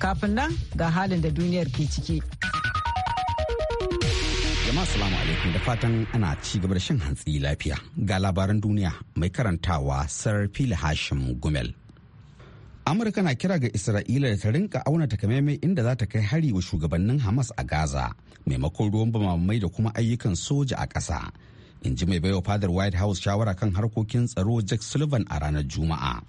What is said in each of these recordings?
Kafin nan ga halin da duniyar ke ciki. Jama'a salamu alaikum da fatan ana ci gaba da shan hantsi lafiya ga labaran duniya mai karantawa Sarar Fili Hashim Gumel. Amurka na kira ga Isra'ila da ta rinka auna takamaimai inda za ta kai hari wa shugabannin Hamas a Gaza maimakon ruwan bamamai da kuma ayyukan soja a ƙasa. in ji mai baiwa fadar white house shawara kan harkokin tsaro jack sullivan a ranar juma'a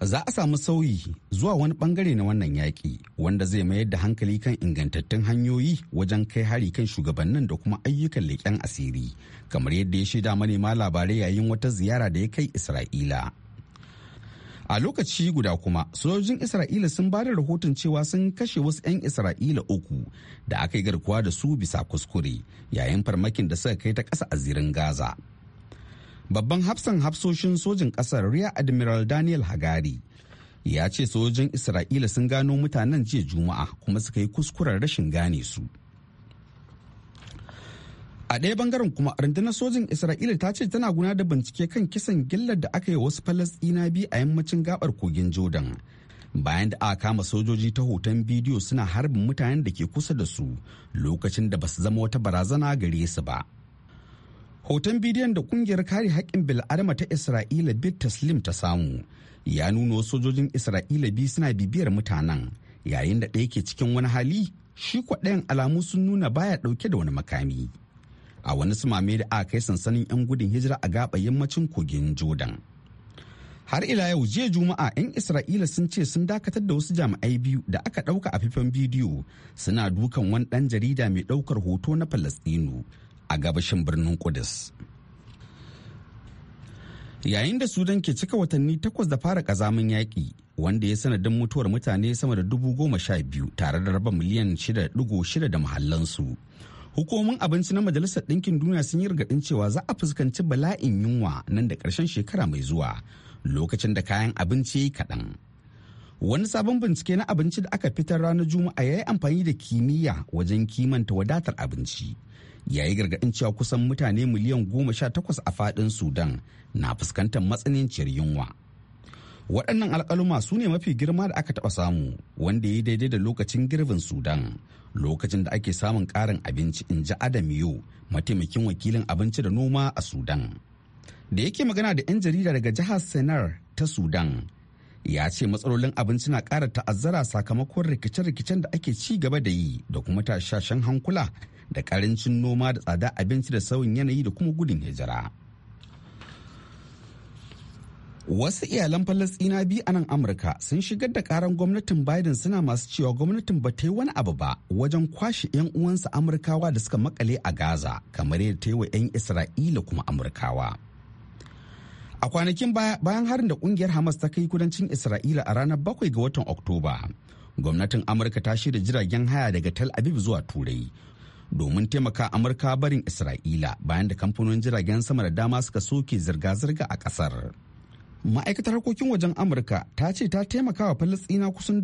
za a samu sauyi zuwa wani bangare na wannan yaƙi wanda zai mayar da hankali kan ingantattun hanyoyi wajen kai hari kan shugabannin da kuma ayyukan leƙen asiri kamar yadda ya shaida manema labarai yayin wata ziyara da ya kai isra'ila a lokaci guda kuma sojojin isra'ila sun ba da rahoton cewa sun kashe wasu 'yan isra'ila uku da aka yi garkuwa da su bisa kuskure yayin farmakin da suka kai ta ƙasa a zirin gaza babban hafsan hafsoshin sojin ƙasar Rear Admiral Daniel Hagari ya ce sojin Isra'ila sun gano mutanen jiya Juma'a kuma suka yi kuskuren rashin gane su. A ɗaya bangaren kuma rundunar sojin Isra'ila ta ce tana gudanar da bincike kan kisan gillar da aka yi wasu Falasɗina biyu a yammacin gabar kogin Jordan. Bayan da aka kama sojoji ta hoton bidiyo suna harbin mutanen da ke kusa da su lokacin da ba su zama wata barazana gare su ba. hoton bidiyon da kungiyar kare haƙƙin bil'adama ta isra'ila bit taslim ta samu ya nuna sojojin isra'ila biyu suna bibiyar mutanen yayin da ɗaya ke cikin wani hali shi kwaɗayan alamu sun nuna baya ɗauke da wani makami a wani sumame da aka kai sansanin 'yan gudun hijira a gaɓa yammacin kogin jordan har ila yau jiya juma'a 'yan isra'ila sun ce sun dakatar da wasu jami'ai biyu da aka ɗauka a fifan bidiyo suna dukan wani ɗan jarida mai ɗaukar hoto na falastinu a gabashin birnin Kudus. Yayin da Sudan ke cika watanni takwas da fara kazamin yaƙi wanda ya sanadin mutuwar mutane sama da dubu goma sha biyu tare da raba miliyan shida shida da mahallansu. Hukumomin abinci na Majalisar Ɗinkin Duniya sun yi rigaɗin cewa za a fuskanci bala'in yunwa nan da ƙarshen shekara mai zuwa lokacin da kayan abinci ya kaɗan. wani sabon bincike na abinci da aka fitar ranar juma'a ya yi amfani da kimiyya wajen kimanta wadatar abinci yayi gargaɗin cewa kusan mutane miliyan goma sha takwas a faɗin sudan na fuskantar matsananciyar yunwa waɗannan alƙaluma su ne mafi girma da aka taɓa samu wanda ya daidai da lokacin girbin sudan lokacin da ake samun ƙarin abinci in ji adam yo mataimakin wakilin abinci da noma a sudan da yake magana da 'yan jarida daga jihar senar ta sudan ya ce matsalolin abinci na ƙara ta'azzara sakamakon rikice-rikicen da ake ci gaba da yi da kuma tashashen hankula da karancin noma da tsada abinci da sauyin yanayi da kuma gudun hijira wasu iyalan falastina biyu a nan amurka sun shigar da karan gwamnatin biden suna masu cewa gwamnatin ba ta yi wani abu ba wajen kwashe 'yan uwansa amurkawa da suka makale a gaza kamar yadda ta yi wa 'yan isra'ila kuma amurkawa a kwanakin bayan harin da kungiyar hamas ta kai kudancin isra'ila a ranar bakwai ga watan oktoba gwamnatin amurka ta shirya jiragen haya daga tel aviv zuwa turai domin taimaka amurka barin isra'ila bayan da kamfanonin jiragen sama da dama suka soke zirga-zirga a kasar ma'aikatar harkokin wajen amurka ta ce ta taimaka wa falastina kusan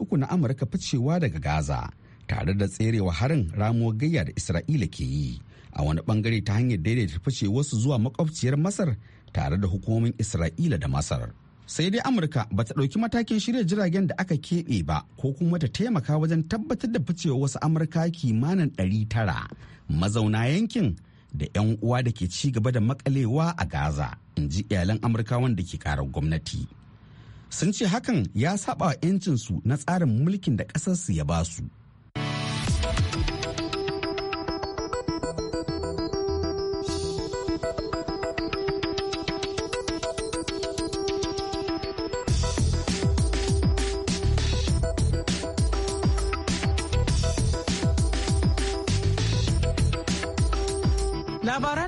uku na amurka ficewa daga gaza tare da tserewa harin ramuwar gayya da isra'ila ke yi a wani bangare ta hanyar daidaita fice wasu zuwa makwabciyar masar tare da hukumomin isra'ila da masar sai dai amurka ba ta ɗauki matakin shirya jiragen da aka keɓe ba ko kuma ta taimaka wajen tabbatar da ficewa wasu amurka kimanin tara. mazauna yankin da 'yan uwa da ke ci gaba da makalewa a gaza in ji iyalan amurka wanda ke karar gwamnati sun ce hakan ya saba wa 'yancinsu na tsarin mulkin da ƙasarsu ya basu. su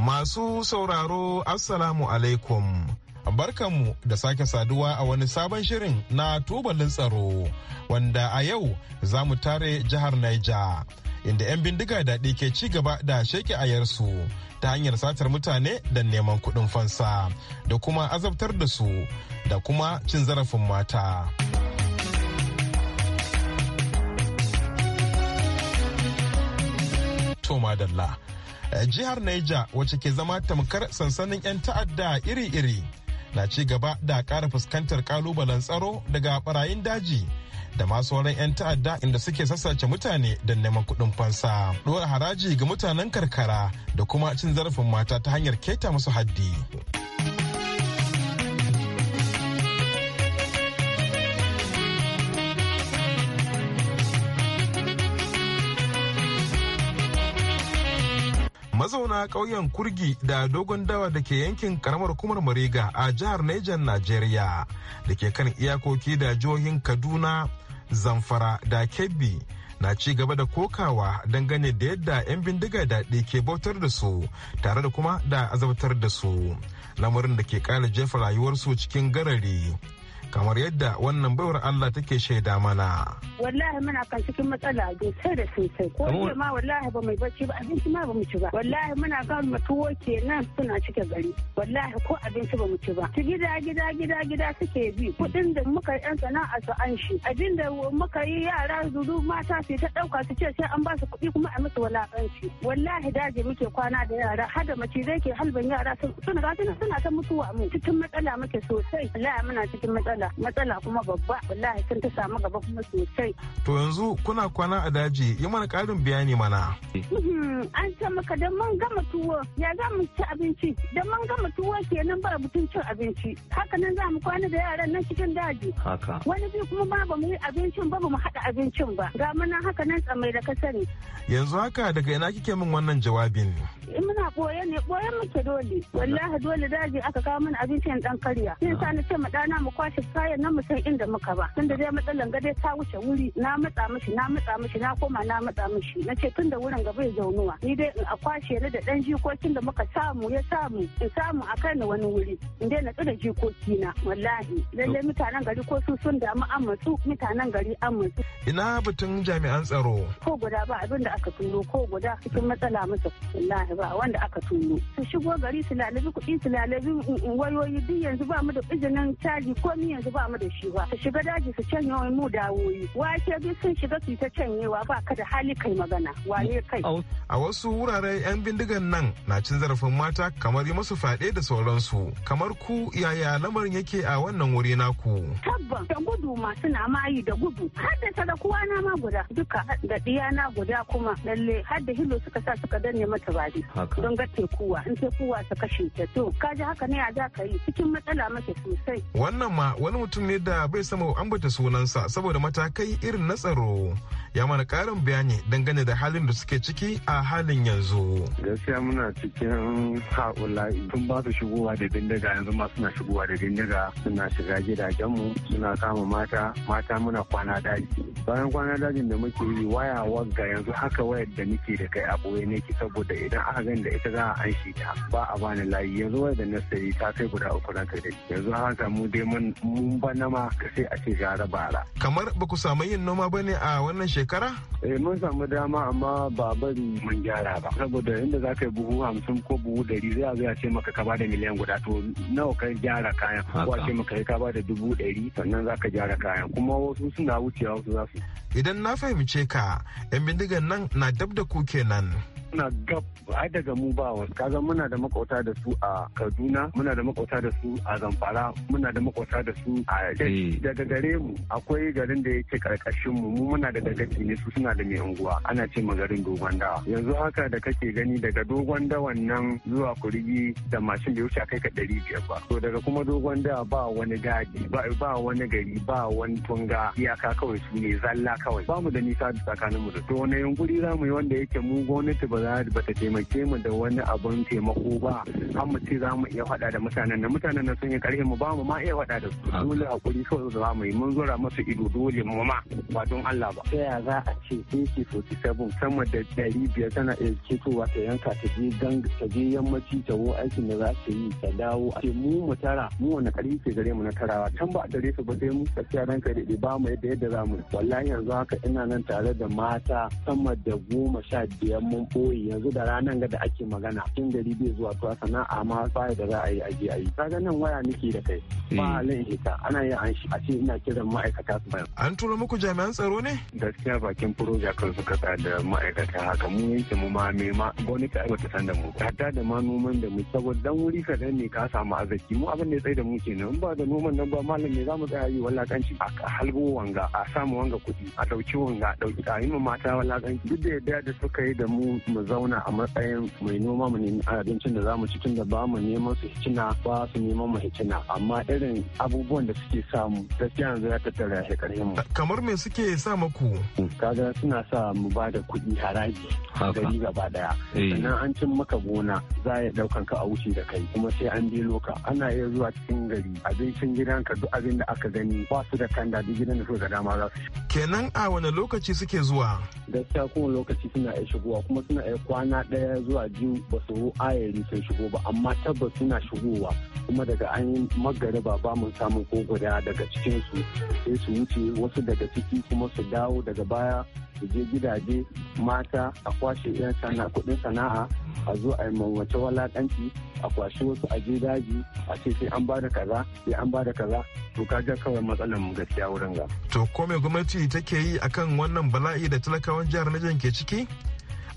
Masu sauraro Assalamu alaikum. Barkanmu da sake saduwa a wani sabon shirin na tubalin tsaro wanda a yau za mu tare jihar Naija inda 'yan bindiga daɗi ke ci gaba da sheke ayarsu ta hanyar satar mutane da neman kuɗin fansa da kuma azabtar da su da kuma cin zarafin mata. Toma Dalla. Eh, jihar Niger wacce ke zama tamkar sansanin 'yan ta'adda iri-iri na ci gaba da kara fuskantar kalubalen tsaro daga barayin daji da masu wurin 'yan ta'adda inda suke sassace mutane don neman kuɗin fansa ɗora haraji ga mutanen karkara da kuma cin zarafin mata ta hanyar keta musu haddi. mazauna ƙauyen kurgi da dogon dawa da ke yankin karamar kumar mariga a jihar Niger Najeriya da ke kan iyakoki da jihohin Kaduna, Zamfara da Kebbi na ci gaba da kokawa dangane da yadda 'yan bindiga daɗi ke bautar da su tare da kuma da azabtar da su lamarin da ke ƙara jefa rayuwarsu cikin garari. kamar yadda wannan baiwar Allah take shaida mana. Wallahi muna kan cikin matsala sosai da sosai ko jiya ma wallahi ba mai bacci ba abinci ma ba mu ci ba wallahi muna kan mutuwo nan suna cike gari wallahi ko abinci ba mu ci ba ki gida gida gida gida suke bi kuɗin da muka yi 'yan sana'a su an shi abin da muka yi yara zuru mata su ta ɗauka su ce sai an ba su kuɗi kuma a musu wulaƙanci wallahi daji muke kwana da yara har da mace zai ke halban yara suna suna ta mutuwa mu cikin matsala muke sosai wallahi muna cikin matsala matsala matsala kuma babba wallahi sun ta samu gaba kuma sosai to yanzu kuna kwana a daji yi mana karin bayani mana hmm, an ce maka da mun gama tuwo ya za mu ci abinci da mun gama tuwo kenan ba mutum cin abinci haka nan za mu kwana da yaran nan cikin daji haka wani bi kuma ba ba mu yi abincin ba ba mu haɗa abincin ba ga mana haka nan tsamai da ka sani yanzu haka daga ina kike min wannan jawabin eh, muna boye ne boye muke dole wallahi dole daji aka kawo mana abincin dan karya sai sa na ce ma dana mu kwashe kayan na mu san inda muka ba tunda dai matsalan gade ta wuce wuri na matsa mishi na matsa mishi na koma na matsa mishi na ce tunda wurin ga bai zaunuwa ni dai in akwashe ni da dan jikokin da muka samu ya samu in samu a ni wani wuri in dai na tsira jikoki na wallahi lalle mutanen gari ko su sun damu amatsu mutanen gari amatsu ina batun jami'an tsaro ko guda ba abin da aka tuno ko guda cikin matsala musu wallahi ba wanda aka tuno su shigo gari su lalabi kuɗi su lalabi wayoyi duk yanzu ba mu da izinin caji ko miyan yanzu ba mu da shi ba ta shiga daji su canye mu dawoyi wake bi sun shiga su ta canyewa ba ka da hali kai magana wane kai a wasu wuraren yan bindigan nan na cin zarafin mata kamar yi musu fade da sauransu kamar ku yaya lamarin yake a wannan wuri naku tabban da gudu masu na mayi da gudu har da sadakuwa na ma guda duka da diya na guda kuma lalle har da hilo suka sa suka danne mata baji don ga tekuwa in tekuwa ta kashe ta to kaji haka ne a za ka yi cikin matsala mace sosai wannan ma wani mutum ne da bai sama ambata sunansa saboda matakai irin na tsaro ya mana karin bayani dangane da halin da suke ciki a halin yanzu. Gaskiya muna cikin haƙula'i tun ba su shigowa da bindiga yanzu ma suna shigowa da bindiga suna shiga mu suna kama mata mata muna kwana daji. Bayan kwana dajin da muke yi waya wagga yanzu haka wayar da nake da kai a boye nake saboda idan aka gani da ita za a an ta ba a bani layi yanzu wayar da na sayi ta kai guda uku na da yanzu haka mu dai mun mun bana ma sai a ce gara bara. Kamar ba ku samu yin noma ba ne a wannan shekara? Eh mun samu dama amma ba bari mun gyara ba. Saboda inda za ka yi buhu hamsin ko buhu dari zai a zai ce maka ka bada miliyan guda to nawa ka gyara kayan ko a ce maka ka bada dubu ɗari sannan za ka gyara kayan kuma wasu suna wucewa wasu za su. Idan na fahimce ka 'yan bindigan nan na dab da ku kenan. muna gab ai daga mu ba wasu kaga muna da makauta da su a kaduna muna da makauta da su a zamfara muna da makauta da su a eh. daga gare mu akwai garin da yake karkashin mu mu muna da dagaci ne su suna da mai unguwa ana ce ma garin dogon dawa yanzu haka da kake gani daga dogon dawan nan zuwa kurigi da mashin da wuce kai ka ɗari biyar ba to daga kuma dogon dawa ba wani gadi ba wani gari ba wani tunga iyaka kawai su ne zalla kawai ba mu da nisa tsakanin mu da to wani yunkuri za mu yi wanda yake mu gwamnati ba ba ta taimake mu da wani abun taimako ba an mu ce za mu iya faɗa da mutanen nan mutanen nan sun yi ƙarfi mu ba mu ma iya faɗa da su dole hakuri kawai za mu yi mun zura masu ido dole mu ma ba don Allah ba. Ta za a ce AK47 sama da ɗari biyar tana iya ketowa ta yanka ta je gang ta je yammaci ta wo aikin da za ta yi ta dawo a ce mu mu tara mu wani ƙarfi ke gare mu na tarawa can ba a tare su ba sai mu tafiya ran ka daɗe ba mu yadda yadda za mu wallahi yanzu haka ina nan tare da mata sama da goma sha biyar mun ɓoye kawai yanzu da ranan ga da ake magana tun da ribe zuwa tuwa sana'a ma baya da za a yi aje yi kaga nan waya nake da kai ba hmm. halin hita ana yin an a ce ina kiran ma'aikata su bayan an tura muku jami'an tsaro ne gaskiya bakin furoja kan suka sa da ma'aikata haka mu yanke mu ma me ma gwani ka aiwata san da mu hatta da ma noman da mu saboda dan wuri dan ne ka samu arziki mu abin da ya tsaye da mu kenan ba da noman nan ba malam ne za mu tsaya yi wallakanci a halbo wanga a samu wanga kuɗi a ɗauki wanga a ɗauki a yi mata wallakanci duk da yadda da suka yi da mu mu zauna a matsayin mai noma mu nemi abincin da zamu ci tun da ba mu neman su hicina ba su neman mu hicina amma irin abubuwan da suke samu gaskiya yanzu ya tattara shi karhin mu kamar me suke sa maku kaga suna sa mu ba da kuɗi haraji gari gaba daya eh. sannan an cin maka gona za ya daukan ka a wuce da kai kuma sai an bi loka ana iya zuwa cikin gari abincin gidanka duk abin da aka gani ba su da kanda duk gidan da suka da dama za su kenan a wani lokaci suke zuwa gaskiya kowane lokaci suna iya shigowa kuma suna ya kwana ɗaya zuwa biyu ba su ayari sun shigo ba amma tabbas suna shigowa kuma daga an magariba ba mu samun ko guda daga cikinsu sai su wuce wasu daga ciki kuma su dawo daga baya su je gidaje mata a kwashe 'yan sana kuɗin sana'a a zo a yi mawace walaƙanci a kwashe wasu a je daji a ce sai an bada kaza sai an bada kaza to kaga kawai matsalar mu gaskiya wurin ga. To ko me gwamnati take yi akan wannan bala'i da talakawan jihar Nijar ke ciki?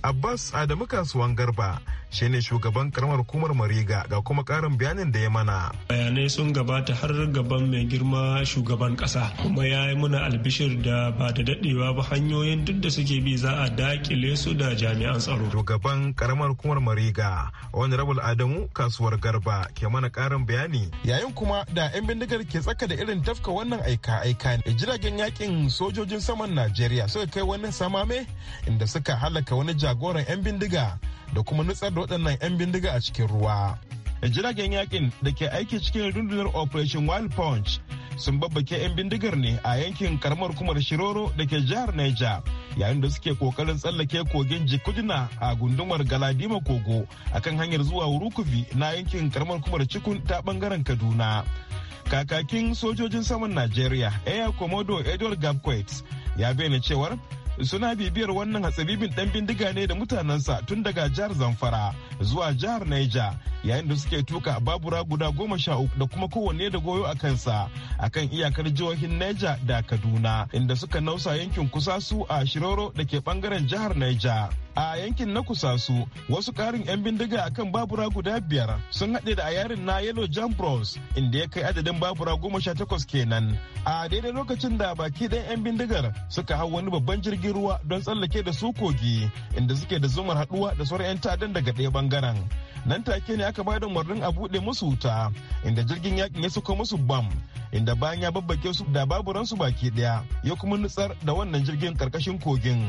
Abbas Adamu kasuwan Garba shine shugaban karamar hukumar Mariga ga kuma karin bayanin da ya mana. Bayanai sun gabata har gaban mai girma shugaban kasa kuma ya yi muna albishir da ba da dadewa ba hanyoyin duk da suke bi za a dakile su da jami'an tsaro. Shugaban karamar hukumar Mariga wani rabul Adamu kasuwar Garba ke mana karin bayani. Yayin kuma da 'yan bindigar ke tsaka da irin tafka wannan aika-aika ne jiragen yakin sojojin saman Najeriya suka kai wani samame inda suka halaka wani jami'a. jagoran 'yan bindiga da kuma nutsar da waɗannan 'yan bindiga a cikin ruwa. Jiragen yakin da ke aiki cikin rundunar Operation Wild Punch sun babbake 'yan bindigar ne a yankin karamar kumar Shiroro da ke jihar Niger yayin da suke kokarin tsallake kogin Jikudina a gundumar Galadima Kogo akan hanyar zuwa wurukufi na yankin karamar kumar Cikun ta bangaren Kaduna. Kakakin sojojin saman Najeriya Air Commodore Edward Gabquet ya bayyana cewar suna bibiyar wannan hatsabibin dan bindiga ne da mutanensa tun daga jihar zamfara zuwa jihar naija yayin da suke tuka babura guda goma sha uku da kuma kowanne da goyo a kansa akan iyakar jihohin naija da kaduna inda suka nausa yankin kusa su a shiroro da ke bangaren jihar naija a yankin na kusasu wasu karin 'yan bindiga akan babura guda biyar sun haɗe da a yarin na yellow jam bros inda ya kai adadin babura goma sha takwas kenan a daidai lokacin da baki ɗayan 'yan bindigar suka hau wani babban jirgin ruwa don tsallake da su kogi inda suke da zumar haɗuwa da sauran 'yan ta'addan daga ɗaya bangaren nan take ne aka ba da umarnin a buɗe musu wuta inda jirgin yakin ya suka musu bam inda bayan ya babbake su da baburansu baki daya ya kuma nutsar da wannan jirgin karkashin kogin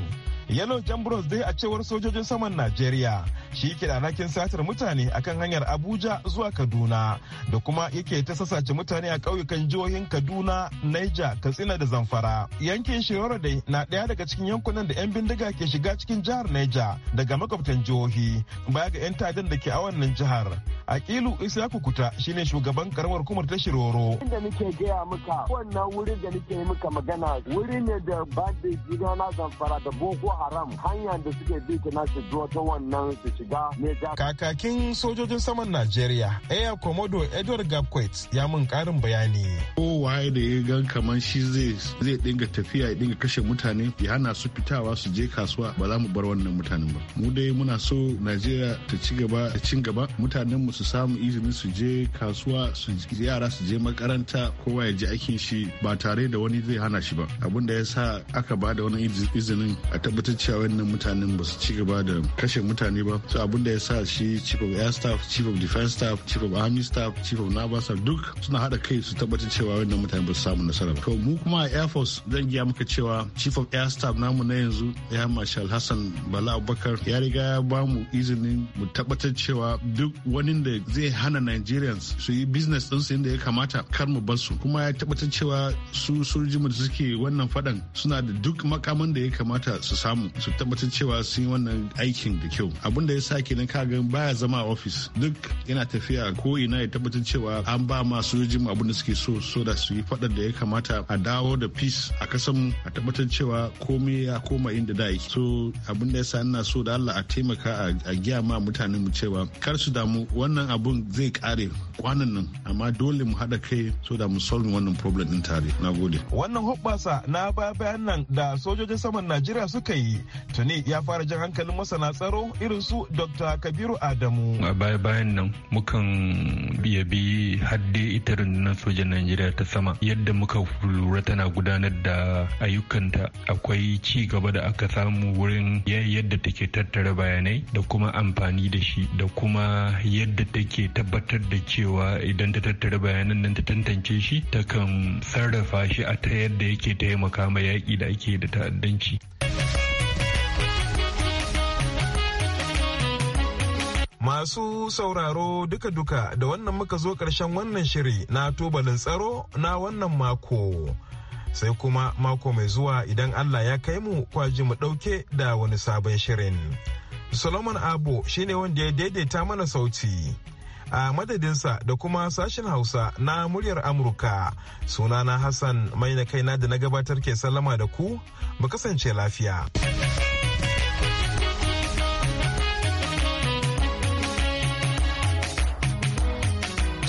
yellow jambros dai a cewar sojojin saman najeriya shi ke da alhakin satar mutane akan hanyar abuja zuwa kaduna da kuma yake ta sasace mutane a ƙauyukan jihohin kaduna niger katsina da zamfara yankin shirora dai na ɗaya daga cikin yankunan da 'yan bindiga ke shiga cikin jihar niger daga makwabtan jihohi baya ga 'yan tadan da ke a wannan jihar akilu isa kukuta shine shugaban karamar kumar ta shiroro inda muke gaya maka wannan wurin da nake yi maka magana wuri ne da bande jina na zamfara da boko haram hanyar da suke bi ta nasu zuwa ta wannan su shiga ne kakakin sojojin saman najeriya aya komodo edward gabquet ya mun karin bayani kowaye da ya gan kamar shi zai zai dinga tafiya ya dinga kashe mutane ya hana su fitawa su je kasuwa ba za mu bar wannan mutanen ba mu dai muna so najeriya ta ci gaba ta cin gaba mutanen mu su samu izinin su je kasuwa su yara su je makaranta kowa ya ji aikin shi ba tare da wani zai hana shi ba abin da ya sa aka ba da wani izinin a tabbatar cewa wannan mutanen ba su ci gaba da kashe mutane ba so abin da ya sa shi chief of air staff chief of defense staff chief of army staff chief of naval staff duk suna hada kai su tabbatar cewa wannan mutane ba su samu nasara ba to mu kuma air force zan giya maka cewa chief of air staff namu na yanzu ya marshal hassan bala abubakar ya riga ya ba mu izinin mu tabbatar cewa duk wani da zai hana nigerians su yi business su inda ya kamata kar mu bar su kuma ya tabbatar cewa su sojojin da suke wannan fadan suna da duk makaman da ya kamata su samu su tabbatar cewa sun yi wannan aikin da kyau abin da ya sa kenan kaga baya zama a ofis duk yana tafiya ko ina ya tabbatar cewa an ba ma sojojin abin da suke so so da su yi fadan da ya kamata a dawo da peace a kasan a tabbatar cewa komai ya koma inda da yake so abin da ya sa ina so da Allah a taimaka a giya ma mutanen mu cewa kar su damu wannan abun zai kare kwanan nan amma dole mu haɗa kai so da mu solving wannan problem din tare na gode wannan hoɓɓasa na bayan nan da sojojin saman najeriya suka yi tuni ya fara jan hankalin masana tsaro irin su dr kabiru adamu a baya bayan nan mukan biya bi hadde ita rundunar sojan najeriya ta sama yadda muka lura tana gudanar da ayyukanta akwai ci gaba da aka samu wurin yadda take tattara bayanai da kuma amfani da shi da kuma yadda take tabbatar da cewa idan ta tattara bayanan nan ta tantance shi kan sarrafa shi a ta yadda yake taimaka ma yaƙi da ake da ta'addanci. Masu sauraro duka-duka da wannan muka zo ƙarshen wannan shiri na tubalin tsaro na wannan mako. Sai kuma mako mai zuwa idan Allah ya kai mu kwaji mu ɗauke da wani sabon shirin. Solomon Abo shine wanda ya daidaita mana sauti. a madadinsa da kuma sashen hausa na muryar amurka sunana hassan mai na kaina da na gabatar ke sallama da ku mu kasance lafiya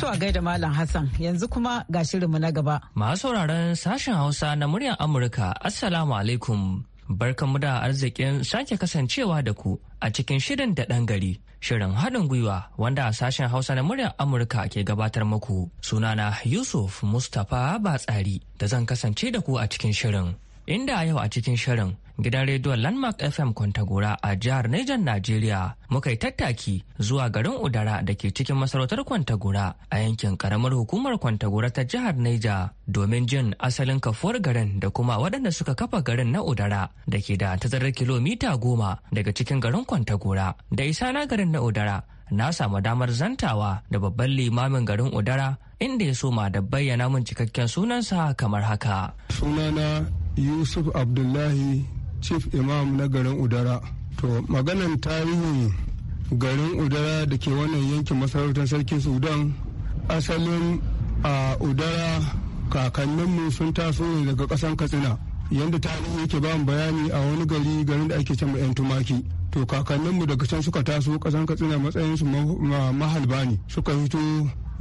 To a gaida Malam Hassan yanzu kuma ga shirinmu na gaba. Masu sauraron sashen Hausa na muryar Amurka, Assalamu alaikum. barkanmu da arzikin sake kasancewa da ku a cikin shirin da ɗan gari shirin haɗin gwiwa wanda sashen hausa na muryar amurka ke gabatar muku sunana yusuf mustapha batsari da zan kasance da ku a cikin shirin inda yau a cikin shirin gidan rediyon landmark fm kwantagora a jihar Nijar najeriya muka yi tattaki zuwa garin udara da ke cikin masarautar kwantagora a yankin karamar hukumar kwantagora ta jihar Niger. domin jin asalin kafuwar garin da kuma waɗanda suka kafa garin na udara da ke da tazarar kilomita goma daga cikin garin kwantagora da isa na garin na udara na samu damar zantawa da babban limamin garin udara inda ya soma da bayyana mun cikakken sunansa kamar haka sunana yusuf abdullahi chief imam na garin udara to maganan tarihin garin udara da ke wannan yankin masarautar sarkin sudan asalin a udara kakanninmu sun taso ne daga kasan katsina yadda tarihi yake ba bayani a wani gari garin da ake can yan tumaki to kakanninmu daga can suka taso kasan katsina matsayinsu mahalba ne suka fito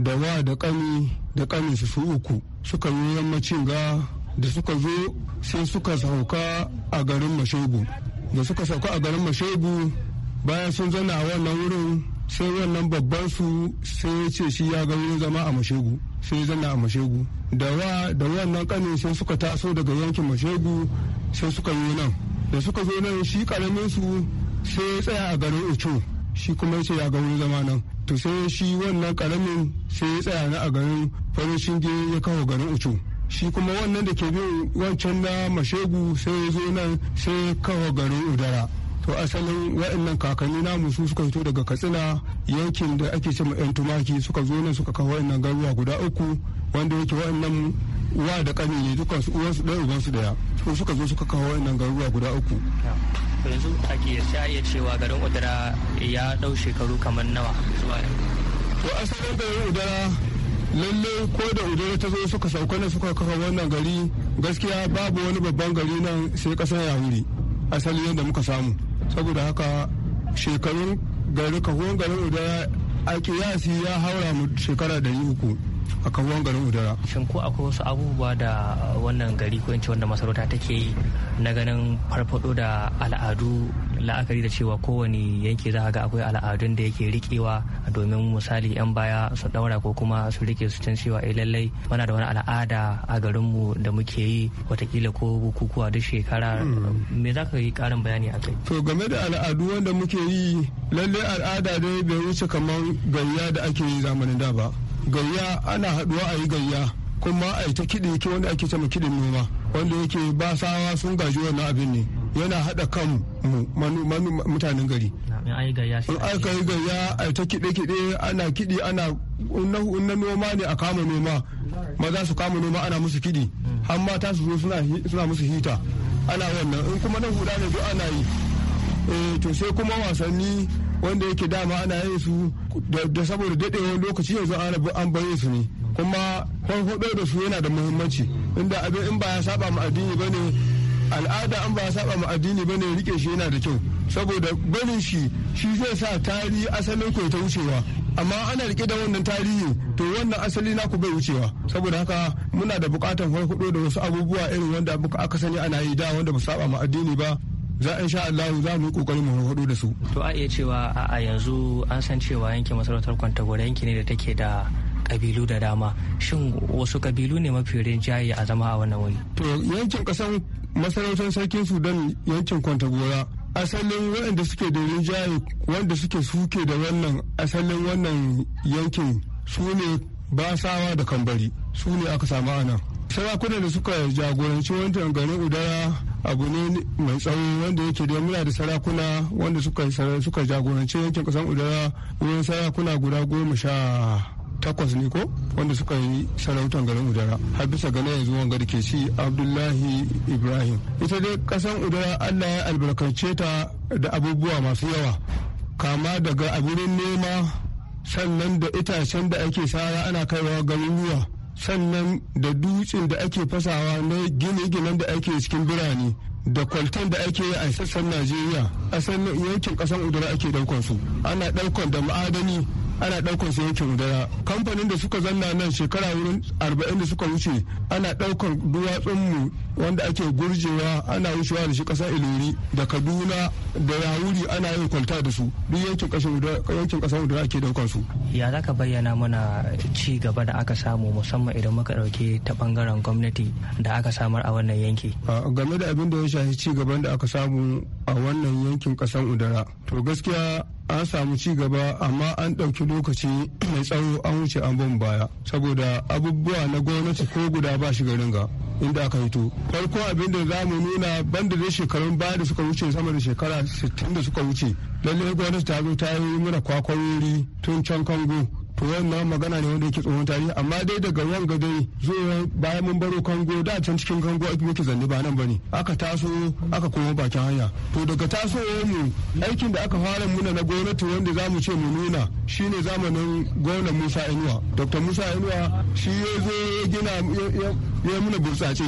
da wa da kani da su su uku suka yi yammacin ga da suka zo sai suka sauka a garin mashegu da suka sauka a garin mashegu bayan sun zana a wannan wurin sai wannan babban su sai ya ce shi ya ga wurin zama a mashegu sai ya zana a mashegu da wa da wannan kanin sai suka taso daga yankin mashegu sai suka yi nan da suka zo nan shi karamin su sai ya tsaya a garin ucho shi kuma ya ce ya ga wurin zama nan to sai shi wannan karamin sai ya tsaya na a garin farin shinge ya kawo garin ucho shi kuma wannan da ke bin wancan na mashegu sai ya zo nan sai kawo garin udara to asalin wa'annan kakanni namu su suka fito daga katsina yankin da ake ce ma 'yan tumaki suka zo nan suka kawo wa'annan garuwa guda uku wanda yake wa'annan wa da kani ne dukkan su uwansu ɗaya ubansu ɗaya to suka zo suka kawo wa'annan garuwa guda uku yanzu a kiyarci a iya cewa garin udara ya ɗau shekaru kamar nawa zuwa to asalin garin udara lalle ko da udara ta zo suka sauka na suka kafa wannan gari gaskiya babu wani babban gari nan sai kasar yahudi asali yadda muka samu saboda haka shekarun gari kahuwan garin udara ake yasi ya haura mu shekara dari uku a kahuwan garin udara shin ko akwai wasu abubuwa da wannan gari ko wanda masarauta take yi na ganin farfado da al'adu la'akari da cewa kowane yanki za ga akwai al'adun da yake rikewa domin misali 'yan baya su ɗaura ko kuma su rike su can cewa eh, lallai muna da wani al'ada a garinmu da muke yi watakila ko bukukuwa duk shekara hmm. me za ka yi karin bayani a kai to game da al'adu wanda muke yi lallai al'ada dai bai wuce kamar gayya da ake yi zamanin da ba gayya ana haɗuwa a yi gayya kuma a yi ta ke wanda ake cema kiɗin noma wanda yake basawa sun gaji wannan abin ne yana haɗa kan mutanen gari in aka yi a ta kiɗe-kiɗe ana kiɗi ana na noma ne a kama noma maza su kama noma ana musu kiɗi mm. har mata su zo suna musu hita ana wannan in kuma na huda ne duk ana yi eh, to sai kuma wasanni wanda yake dama ana yin su da saboda daɗewar lokaci yanzu an bayyana su ne kuma farfaɗo da su yana da muhimmanci inda abin in ba ya saba ma addini ba ne al'ada an ba saba ma addini ba bane rike shi yana da kyau saboda barin shi shi zai sa tarihi asalin ku ta wucewa amma ana rike da wannan tarihi to wannan asali ku bai wucewa saboda haka muna da bukatan farfado da wasu abubuwa irin wanda aka sani ana yi da wanda ba saba ma addini ba za in sha Allah za mu yi kokari mu hado da su to a iya cewa a yanzu an san cewa yankin masarautar Kwantagora yanki ne da take da kabilu da dama shin wasu kabilu ne mafi rinjaye a zama a wannan wuri to yankin kasan masarautar sarkin sudan yankin kwantagora asalin waɗanda suke da rinjaye wanda suke suke da wannan asalin wannan yankin su ne basawa da kambari su ne aka samu anan sarakunan da suka jagoranci wancan garin udara abu ne mai tsawo wanda yake da muna da sarakuna wanda suka jagoranci yankin kasan udara wurin sarakuna guda goma sha takwas ne ko wanda suka yi sarautar garin udara har bisa gane yanzu wanga da ke ci abdullahi ibrahim ita dai kasan udara allah ya albarkace ta da abubuwa masu yawa kama daga abirin nema sannan da itacen da ake sara ana kaiwa garuruwa sannan da dutsen da ake fasawa na gine-ginen da ake cikin birane da kwaltan da ake yi a sassan najeriya a yankin kasan udara ake daukan su ana daukan da ma'adani ana ɗaukar su yankin udara kamfanin da suka zanna nan shekara wurin arba'in da suka wuce ana ɗaukar duwatsunmu wanda ake gurjewa ana wucewa da shi kasa ilori da kaduna da yawuri ana yin kwalta da su duk yankin kasa udara ake daukar su ya zaka bayyana mana ci gaba da aka samu musamman idan muka ɗauke ta bangaren gwamnati da aka samar a wannan yanki game da abin da ya shafi ci gaban da aka samu a wannan yankin kasan udara to gaskiya an samu ci gaba amma an ɗauki lokaci mai tsawo an wuce an bin baya saboda abubuwa na gwamnati ko guda ba shi garin ga inda aka hito farko abin da za mu nuna banda da shekarun baya da suka wuce sama da shekara 60 da suka wuce lallai gwamnati ta zo ta yi mana kwakwarori tun can kango to wannan magana ne wanda yake tsohon tarihi amma dai daga ruwan gadai zuwa bayan mun baro kango da can cikin kango ake yake zanne ba nan bane aka taso aka koma bakin hanya to daga taso mu aikin da aka fara muna na gwamnati wanda zamu ce mu nuna shine zamanin gwamna Musa Inuwa Dr. Musa Inuwa shi ya zo ya gina ya muna burtsace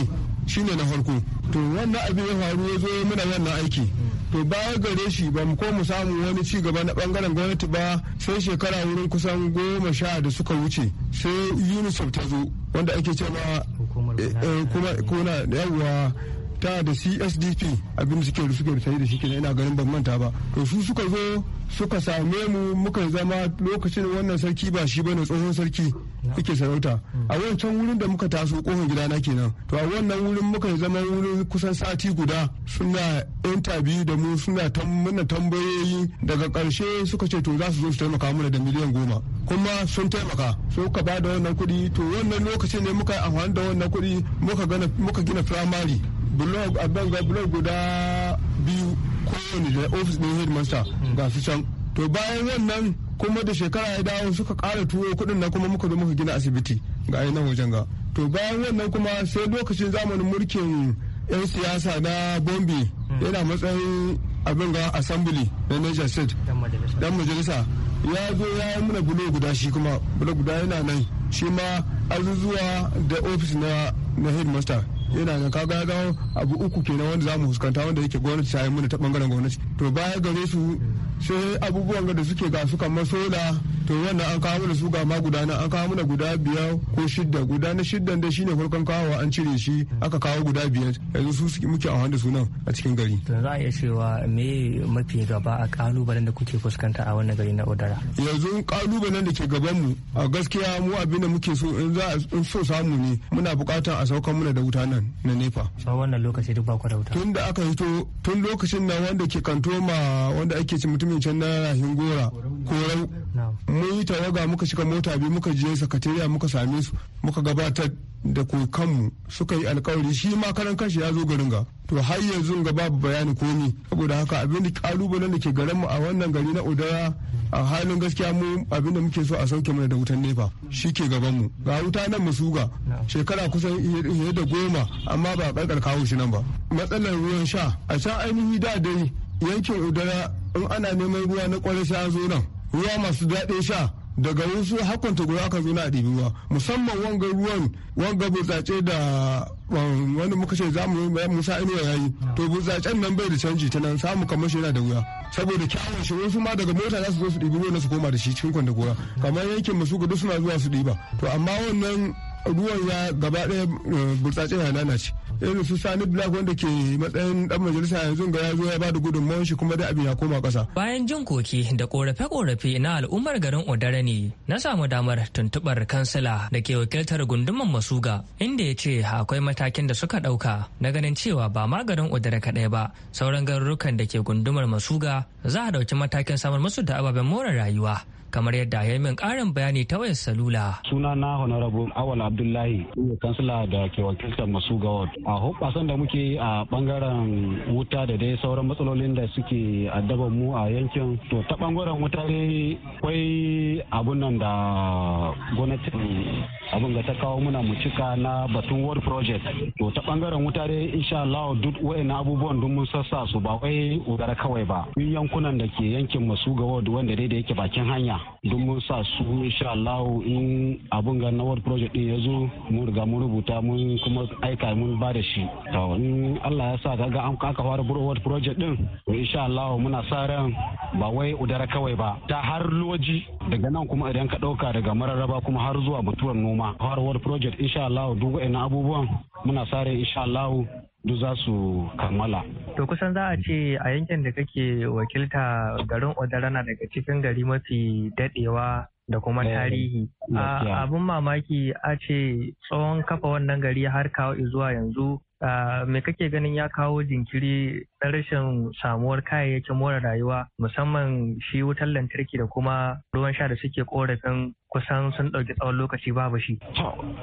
shine na farko to wannan abin ya faru ya zo muna wannan aiki to baya gare shi ba mu ko mu samu wani ci gaba na bangaren gwamnati ba sai shekara wurin kusan goma sha da suka wuce sai unicef ta zo wanda ake cewa eh, eh, kuma kuna yawwa ta da csdp abin suke suke rufe da shi kenan ina ganin ban manta ba to su suka zo suka same mu muka zama lokacin wannan sarki ba shi bane tsohon sarki yake sarauta a wancan wurin da muka taso kofin gidana kenan to a wannan wurin muka zama wurin kusan sati guda suna interview da mu suna mana tambayoyi daga karshe suka ce to za su zo su taimaka mana da miliyan goma kuma sun taimaka ka ba da wannan kuɗi to wannan lokacin ne muka amfani da wannan kuɗi muka gina firamare blog abin ga blog guda biyu kowane da ofis ɗin headmaster ga su can to bayan wannan kuma da shekara ya dawo suka kara tuwo kuɗin na kuma muka zo muka gina asibiti ga ainihin wajen ga to bayan wannan kuma sai lokacin zamanin mulkin 'yan siyasa na bombe hmm. yana matsayin abin ga assembly na niger state dan majalisa ya zo ya yi mana bulo guda shi kuma bulo guda yana nan shi ma azuzuwa da ofis na headmaster yana ga kaga gawo abu uku kenan wanda zamu fuskanta wanda yake gwamnati ta yi mana ta bangaren gwamnati to baya gare su sai abubuwan da suke ga su kamar sola to wannan an kawo mana su ma guda na an kawo mana guda biyar ko shidda guda na shiddan da shine farkon kawo an cire shi aka kawo guda biyar yanzu su muke a wanda sunan a cikin gari to za a iya cewa me mafi gaba a kalubalen da kuke fuskanta a wannan gari na odara yanzu kalubalen da ke gaban mu a gaskiya mu abin da muke so in za in so samu ne muna bukatar a saukan muna da wuta nan na nefa so wannan lokaci duk ba ku da wuta tun da aka hito tun lokacin nan wanda ke kantoma wanda ake ci mutumin can na rahin gora korau mun yi tawaga muka shiga mota biyu muka je sakatariya muka same su muka gabatar da kanmu suka yi alkawari shi ma karan kanshi ya zo garin ga to har yanzu ga babu bayani komi saboda haka abin da kalubalen da ke garin mu a wannan gari na odara a halin gaskiya mu abin da muke so a sauke mana da wutan nefa shi ke gaban mu ga wuta nan mu suga shekara kusan iya da goma amma ba karkar kawo shi nan ba matsalar ruwan sha a can ainihi da dai yankin udara in ana neman ruwa na kwarai zo nan ruwa masu daɗin sha daga wasu hakonta guda aka zo na ɗibi ruwa musamman wanga ruwan wanga burtsatse da um, wani muka ce zamu musa inuwa ya yi to burtsatsen nan bai da canji ta nan samu kamar shi yana da wuya saboda kyawun shi wasu ma daga mota za su zo su ɗibi ruwan su koma da shi cikin kwanda gora kamar yankin masu gudu suna zuwa su ɗiba to amma wannan ruwan ya gaba ɗaya eh, burtsatse ya lalace su sani black wanda ke matsayin dan majalisa yanzu ga ya zo ya bada gudunmawar shi kuma da abin ya koma kasa. bayan jin koki da korafe-korafe na al'ummar garin odara ne na samu damar tuntubar kansila da ke wakiltar gundumar masuga inda ya ce akwai matakin da suka ɗauka na ganin cewa ba ma garin odara kaɗai ba sauran garurukan da ke gundumar masuga za a ɗauki matakin samar musu da ababen more rayuwa kamar yadda ya min karin bayani ta wayar salula. Suna na Honorable Awal Abdullahi, kansila da ke wakiltar masu gawar. A hoɓasan da muke a bangaren wuta da dai sauran matsalolin da suke addaban mu a yankin. To ta bangaren wuta ne kwai abun nan da gwamnati abun ga ta kawo muna mu cika na batun world project to ta bangaren wuta dai insha Allah duk wayannan abubuwan dun mun sassa su ba wai ugara kawai ba yankunan da ke yankin masu gawar wanda dai da yake bakin hanya don mun sa su insha Allah in abun ga na project din ya zo mun riga mun rubuta mun kuma aika mun ba da shi to in Allah ya sa kaga an aka fara world project din to insha Allah muna sa ran ba wai udara kawai ba ta har loji daga nan kuma idan ka dauka daga mararaba kuma har zuwa mutuwar noma har world project insha Allah duk wa'annan abubuwan muna sa ran insha Allah duk za su kammala. To kusan za a ce a yankin da kake wakilta garin Odara na daga cikin gari mafi dadewa da kuma eh, tarihi. Abin mamaki a ce tsawon kafa wannan gari har kawo zuwa yanzu me kake ganin ya kawo jinkiri na rashin samuwar kayayyakin more rayuwa musamman shi wutar lantarki da kuma ruwan sha da suke korafin kusan sun ɗauki tsawon lokaci babu shi.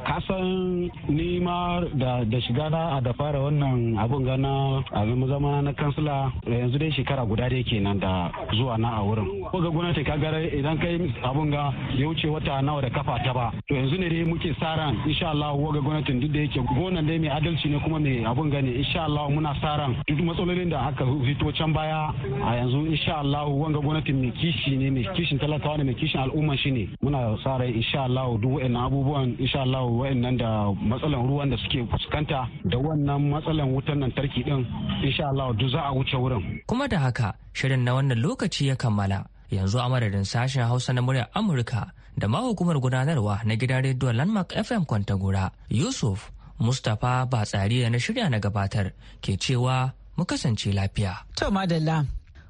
kasan ni ma da shiga na a da fara wannan abun gana a zama zama na kansila yanzu dai shekara guda dai kenan da zuwa na a wurin. Ko ga gwamnati ka gara idan kai abun ga ya wuce wata nawa da kafa ta ba. To yanzu ne dai muke sa ran insha Allah ga gwamnatin duk da yake gonan dai mai adalci ne kuma mai abun gane insha Allah muna sa ran duk matsalolin da aka fito can baya a yanzu insha Allah wanga gwamnatin mai kishi ne mai kishin talakawa ne mai kishin al'umma shi ne muna sa rai insha Allah duk wa'annan abubuwan insha Allah wa'annan da matsalan ruwan da suke fuskanta da wannan matsalan wutan lantarki din insha Allah duk za a wuce wurin. Kuma da haka shirin na wannan lokaci ya kammala yanzu a madadin sashen Hausa na muryar Amurka da ma hukumar gudanarwa na gidan rediyo Landmark FM Kwantagora Yusuf Mustapha Batsari na shirya na gabatar ke cewa mu kasance lafiya. To madalla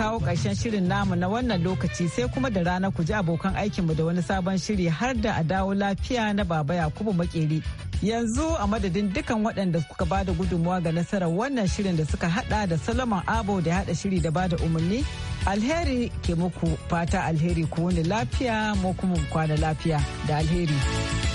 kawo ƙarshen shirin namu na wannan lokaci sai kuma da rana ku ji abokan aikinmu da wani sabon shiri har da a dawo lafiya na baba Yakubu Makeri. Yanzu a madadin dukan waɗanda suka ba da gudunmawa ga nasarar wannan shirin da suka hada da Solomon Abo da hada shiri da ba da umarni. Alheri ke muku fata alheri ku wani lafiya mu kuma kwana lafiya da alheri.